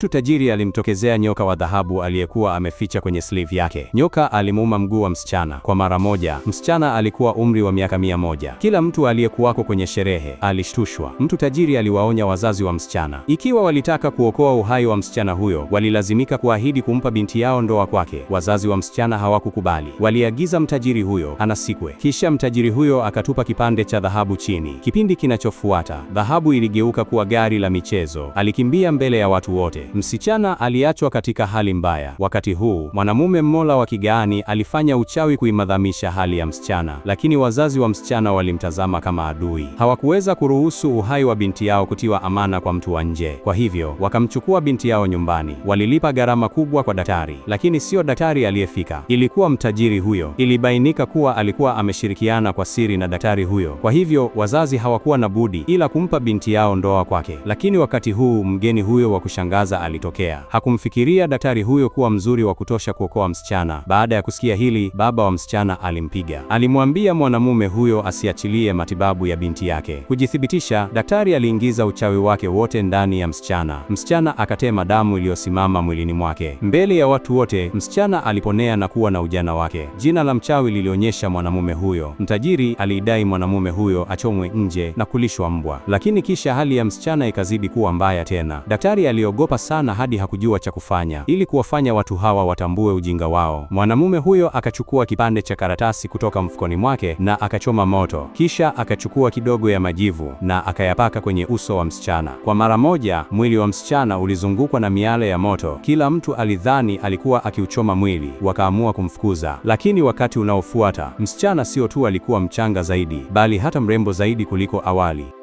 Tu tajiri alimtokezea nyoka wa dhahabu aliyekuwa ameficha kwenye sleeve yake. Nyoka alimuuma mguu wa msichana kwa mara moja. Msichana alikuwa umri wa miaka mia moja. Kila mtu aliyekuwako kwenye sherehe alishtushwa. Mtu tajiri aliwaonya wazazi wa msichana, ikiwa walitaka kuokoa uhai wa msichana huyo, walilazimika kuahidi kumpa binti yao ndoa kwake. Wazazi wa msichana hawakukubali, waliagiza mtajiri huyo anasikwe. Kisha mtajiri huyo akatupa kipande cha dhahabu chini. Kipindi kinachofuata, dhahabu iligeuka kuwa gari la michezo. Alikimbia mbele ya watu wote. Msichana aliachwa katika hali mbaya. Wakati huu mwanamume mmola wa kigaani alifanya uchawi kuimadhamisha hali ya msichana, lakini wazazi wa msichana walimtazama kama adui. Hawakuweza kuruhusu uhai wa binti yao kutiwa amana kwa mtu wa nje. Kwa hivyo wakamchukua binti yao nyumbani. Walilipa gharama kubwa kwa daktari, lakini sio daktari aliyefika, ilikuwa mtajiri huyo. Ilibainika kuwa alikuwa ameshirikiana kwa siri na daktari huyo. Kwa hivyo wazazi hawakuwa na budi ila kumpa binti yao ndoa kwake. Lakini wakati huu mgeni huyo wa kushangaza alitokea. Hakumfikiria daktari huyo kuwa mzuri wa kutosha kuokoa msichana. Baada ya kusikia hili, baba wa msichana alimpiga. Alimwambia mwanamume huyo asiachilie matibabu ya binti yake. Kujithibitisha, daktari aliingiza uchawi wake wote ndani ya msichana. Msichana akatema damu iliyosimama mwilini mwake. Mbele ya watu wote, msichana aliponea na kuwa na ujana wake. Jina la mchawi lilionyesha mwanamume huyo. Mtajiri aliidai mwanamume huyo achomwe nje na kulishwa mbwa. Lakini kisha hali ya msichana ikazidi kuwa mbaya tena. Daktari aliogopa sana hadi hakujua cha kufanya. Ili kuwafanya watu hawa watambue ujinga wao, mwanamume huyo akachukua kipande cha karatasi kutoka mfukoni mwake na akachoma moto, kisha akachukua kidogo ya majivu na akayapaka kwenye uso wa msichana. Kwa mara moja, mwili wa msichana ulizungukwa na miale ya moto. Kila mtu alidhani alikuwa akiuchoma mwili, wakaamua kumfukuza. Lakini wakati unaofuata, msichana sio tu alikuwa mchanga zaidi, bali hata mrembo zaidi kuliko awali.